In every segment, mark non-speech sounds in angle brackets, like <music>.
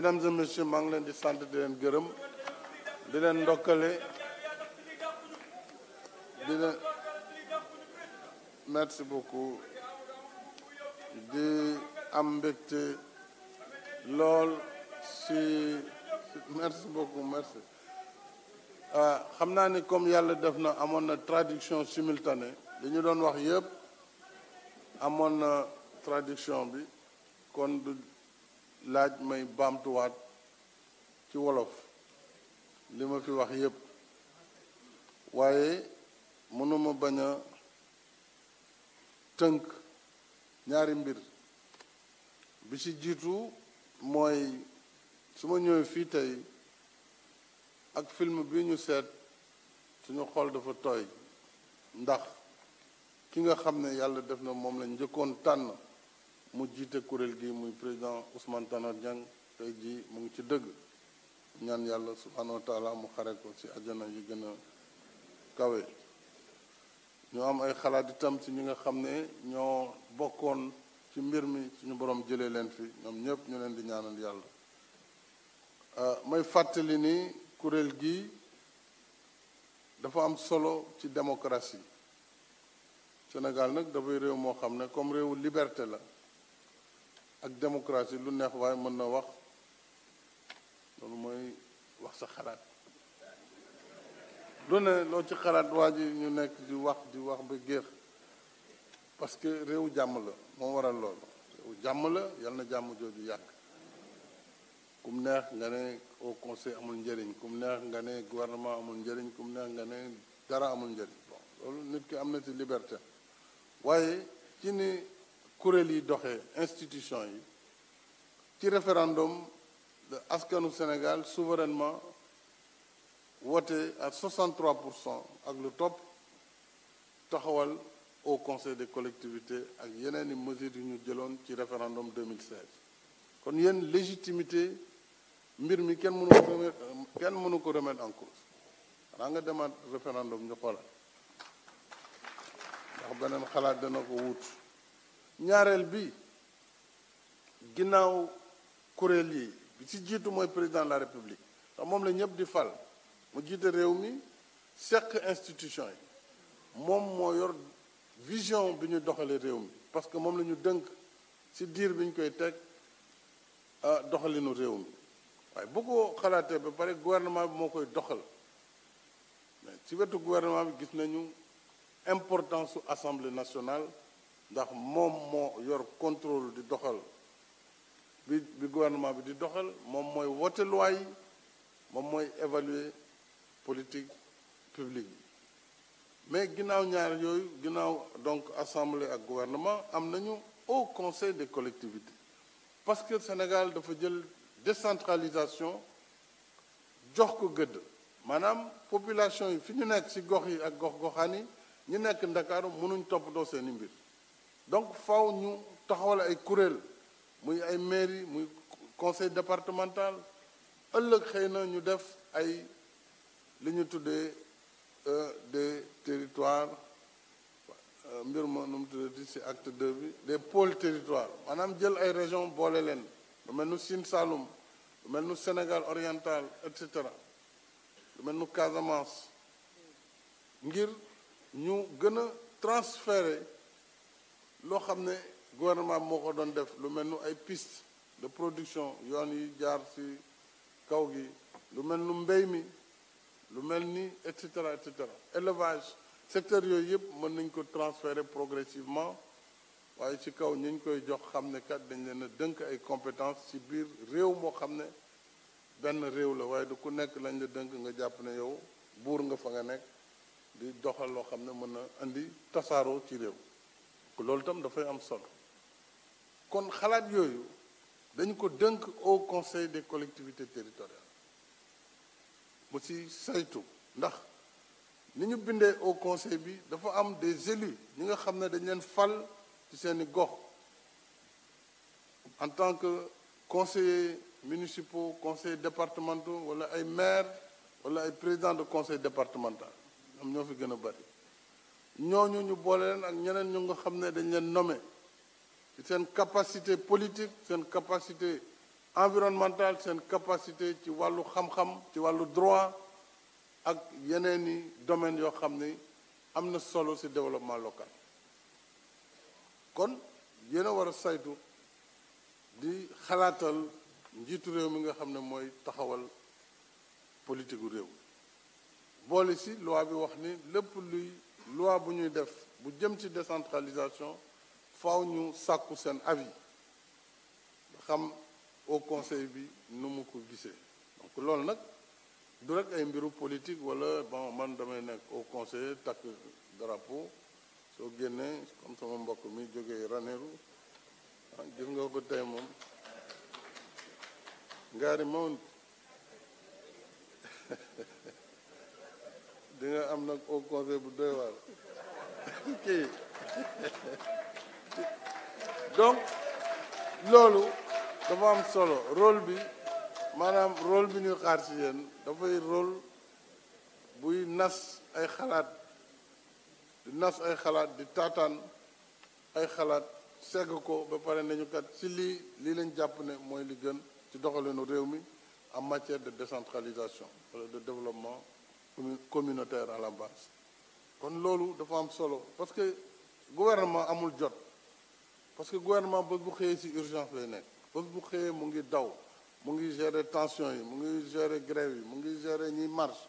mesdames et messieurs maa ngi leen di sant di leen gërëm di leen ndokkale di leen merci di am mbégte lool si merci beaucoup merci ah, xam naa ni comme yàlla def na amoon na traduction simultanée li ñu doon wax yëpp amoon na traduction bi kon du laaj may baamtuwaat ci wolof li ma fi wax yépp waaye mënuma bañ a tënk ñaari mbir bi ci jiitu mooy su ma ñëwee fii tey ak film bi ñu seet suñu xool dafa tooy ndax ki nga xam ne yàlla def na moom lañ njëkkoon tànn mu jiite kuréel gi muy président Ousmane Tanor Dieng tey jii mu ngi ci dëgg ñaan yàlla subhaanahu wa mu xare ko ci àjjana yi gën a kawe ñoo am ay xalaat itam ci ñi nga xam ne ñoo bokkoon ci mbir mi suñu borom jëlee leen fii ñoom ñëpp ñu leen di ñaanal yàlla ah, may fàttali nii kuréel gi dafa am solo ci démocratie Sénégal nag dafay réew moo xam ne comme réewu liberté la ak démocratie lu neex waaye mën na wax loolu mooy wax sa xalaat lu ne loo ci xalaat waa ji ñu nekk di wax di wax ba géex parce que réew jàmm la moo waral loolu réew jàmm la yal na jàmm jooju yàgg kum neex nga ne au conseil amul njëriñ kum neex nga ne guvernement amul njëriñ kum neex nga ne dara amul njëriñ bon loolu nit ki am na ci liberté waaye ci ni kuréel yi doxee institution yi ci référendum askanu Sénégal souverainement voté à 63 pour cent ak lu topp taxawal au conseil des collectivité ak yeneen i mesures yu ñu jëloon ci référendum 2016 kon yéen légitimité mbir mi kenn mënu ko kenn mënu ko remettre en cause xanaa nga demaat référendum ñu xoolal ndax beneen xalaat dana ko wut ñaareel bi ginnaaw kuréel yi bi ci jiitu mooy président la république moom la ñëpp di fal mu jiite réew mi seq institution yi moom moo yor vision bi ñu doxalee réew mi parce que moom lañu dënk ci diir bi ñu koy teg ah, doxalinu réew mi waaye bu ko xalaatee ba pare gouvernement bi moo koy doxal mais ci wetu gouvernement bi gis nañu importance su assemblée nationale ndax moom moo yor contrôle di doxal bi bi gouvernement bi di doxal moom mooy wote loi yi moom mooy évaluer politique publique mais ginnaaw ñaar yooyu ginnaaw donc assemblée ak gouvernement am nañu au conseil des collectivités parce que Sénégal dafa jël décentralisation jox ko gëdd maanaam population yi fi ñu nekk ci gox yi ak gox goxaan yi ñu nekk Ndakaaru mënuñ toppatoo seeni mbir donc faw ñu taxawal ay kuréel muy ay mairie muy conseil départemental ëllëg xëy na ñu def ay li ñu tuddee euh, des territoires euh, mbir ma nu mu tuddati ci acte deux bi des pôles territoires maanaam jël ay région boole leen lu mel nu Sine Saloum lu mel nu Sénégal oriental et cetera mel nu Casamance ngir ñu gën a transférer loo xam ne gouvernement moo ko doon def lu mel nu ay piste de production yoon yi jaar ci kaw gi lu mel nu mbéy mi lu mel ni et cetera et cetera secteur yooyu yëpp mën nañ ko transférer progressivement waaye ci kaw ñu ñu koy jox xam ne kat dañ leen a dënk ay compétence ci biir réew moo xam ne benn réew la waaye du ku nekk lañ la dënk nga jàpp ne yow buur nga fa nga nekk di doxal loo xam ne mën na indi tasaaroo ci réew loolu itam dafay am sol kon xalaat yooyu dañu ko dënk au conseil des collectivités territoriales mu ci saytu ndax ni ñu bindee au conseil bi dafa am des élus ñi nga xam ne dañ leen fal ci seeni gox en tant que conseillers municipaux conseillers départementaux wala ay maire wala ay président de conseil départemental am ñoo fi gën a bari ñooñu ñu boole leen ak ñeneen ñu nga xam ne dañ leen nome ci seen capacité politique seen capacité environnementale seen capacité ci wàllu xam-xam ci wàllu droit ak yeneen i domaines yoo xam ne am na solo ci développement local kon yéen a war a saytu di xalaatal njiitu réew mi nga xam ne mooy taxawal politique réew boole ci loi bi wax ni lépp luy loi bu ñuy def bu jëm ci décentralisation faaw ñu sàkku seen avis xam au conseil bi nu mu ko gisee donc loolu nag du rek ay mbiru politique wala bon man damay nekk au conseil takk drapeau soo génnee comme sama mbokk mi jógee Ranérou ah gis nga ko tey moom ngaari mawoon di nga am na au conseil bu doy <laughs> kii donc loolu dafa am solo rôle bi maanaam rôle bi ñuy xaar ci yéen dafay rôle buy nas ay xalaat di nas ay xalaat di taataan ay xalaat segg ko ba pare nañu kat ci lii lii lañ jàpp ne mooy li gën ci doxalinu réew mi en matière de décentralisation wala de développement communautaire à la base kon loolu dafa am solo parce que gouvernement amul jot parce que gouvernement bés bu xëyee si urgence lay nekk bés bu xëyee mu ngi daw mu ngi gérer tension yi mu ngi gérer grève yi mu ngi gérer ñiy marche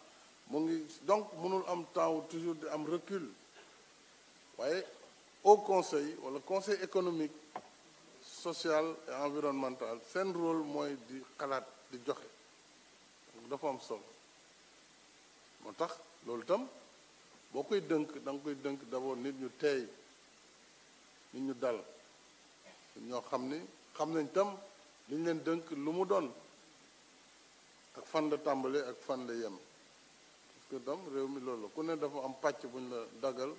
mu ngi donc mënul am temps toujours di am recul waaye au conseil wala conseil économique social et environnemental seen rôle mooy di xalaat di joxe dafa am solo moo tax loolu itam boo koy dënk da koy dënk d'abord nit ñu teey nit ñu dal ñoo xam ni xam nañ tam li ñu leen dënk lu mu doon ak fan la tàmbale ak fan la yem parce que tam réew mi loolu ku ne dafa am pàcc bu ñu la daggal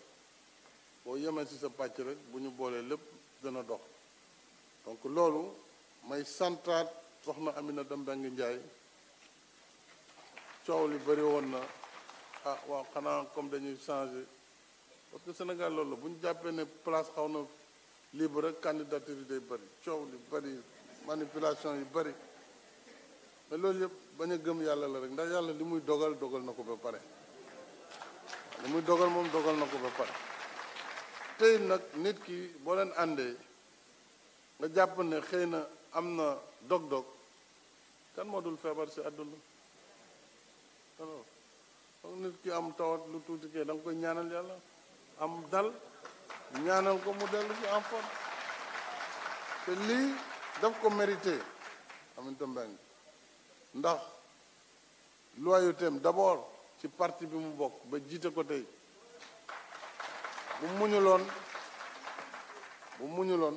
boo yemee si sa pàcc rek bu ñu boolee lépp dana dox donc loolu may santaat na Aminata Mbengue Ndiaye coow li bari woon na ah waaw xanaa comme dañuy changer parce que Sénégal loolu la bu ñu jàppee ne place xaw na libre rek candidature yi day bëri coow li bëri manipulation yi bari mais loolu yëpp bañ a gëm yàlla la rek ndax yàlla li muy dogal dogal na ko ba pare li muy dogal moom dogal na ko ba pare tey nag nit ki boo leen àndee nga jàpp ne xëy na am na dog-dog kan moo dul feebar si àdduna xam nit ki am tawat lu tuuti kay da nga koy ñaanal yàlla am dal ñaanal ko mu dellu ci en forme te lii daf ko mérité Aminata Mbengue ndax loyautéem d'abord ci parti bi mu bokk ba jiite ko tey bu muñuloon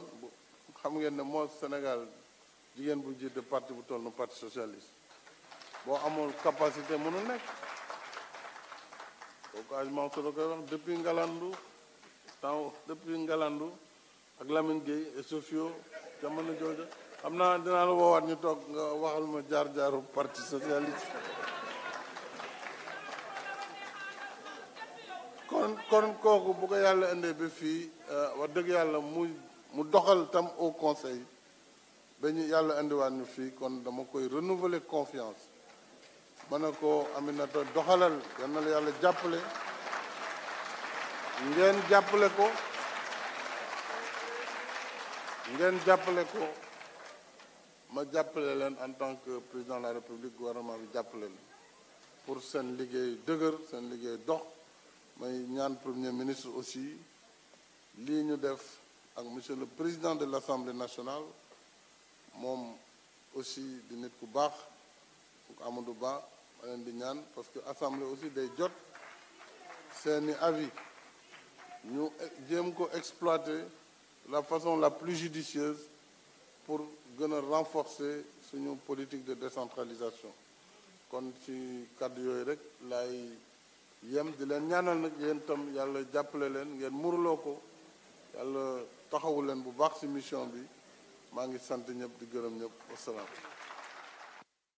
xam ngeen ne moo Sénégal jigéen bu jiite parti bu toll nu parti socialiste boo amul capacité mënu nekk kooku aj wax depuis Ngalandu temps ak Lamine Gueye et sociaux jamono xam naa dinaa la woowaat ñu toog nga waxal ma jaar-jaaru parti socialiste kon kon kooku bu ko yàlla indee ba fii euh, wax dëgg yàlla muy mu doxal tam au conseil ba ñu yàlla indiwaat ñu fii kon dama koy renouveler confiance ma ne ko Aminata doxalal yal na la yàlla jàppale ngeen jàppale ko ngeen jàppale ko ma jàppale leen en tant que président de la république gouvernement bi jàppale leen pour seen liggéey dëgër seen liggéey dox may ñaan premier ministre aussi lii ñu def ak monsieur le président de l'assemblée nationale moom aussi di nit ku baax ku du baax ma leen di ñaan parce que assemblée aussi day jot seeni avis ñu jéem ko exploiter la façon la plus judicieuse pour gën a renforcer suñu politique de décentralisation kon ci kàddu yooyu rek lay yem di leen ñaanal nag yéen itam yàlla jàppale leen ngeen muruloo ko yàlla taxawu leen bu baax ci mission bi maa ngi sant ñëpp di gërëm ñëpp wasalaam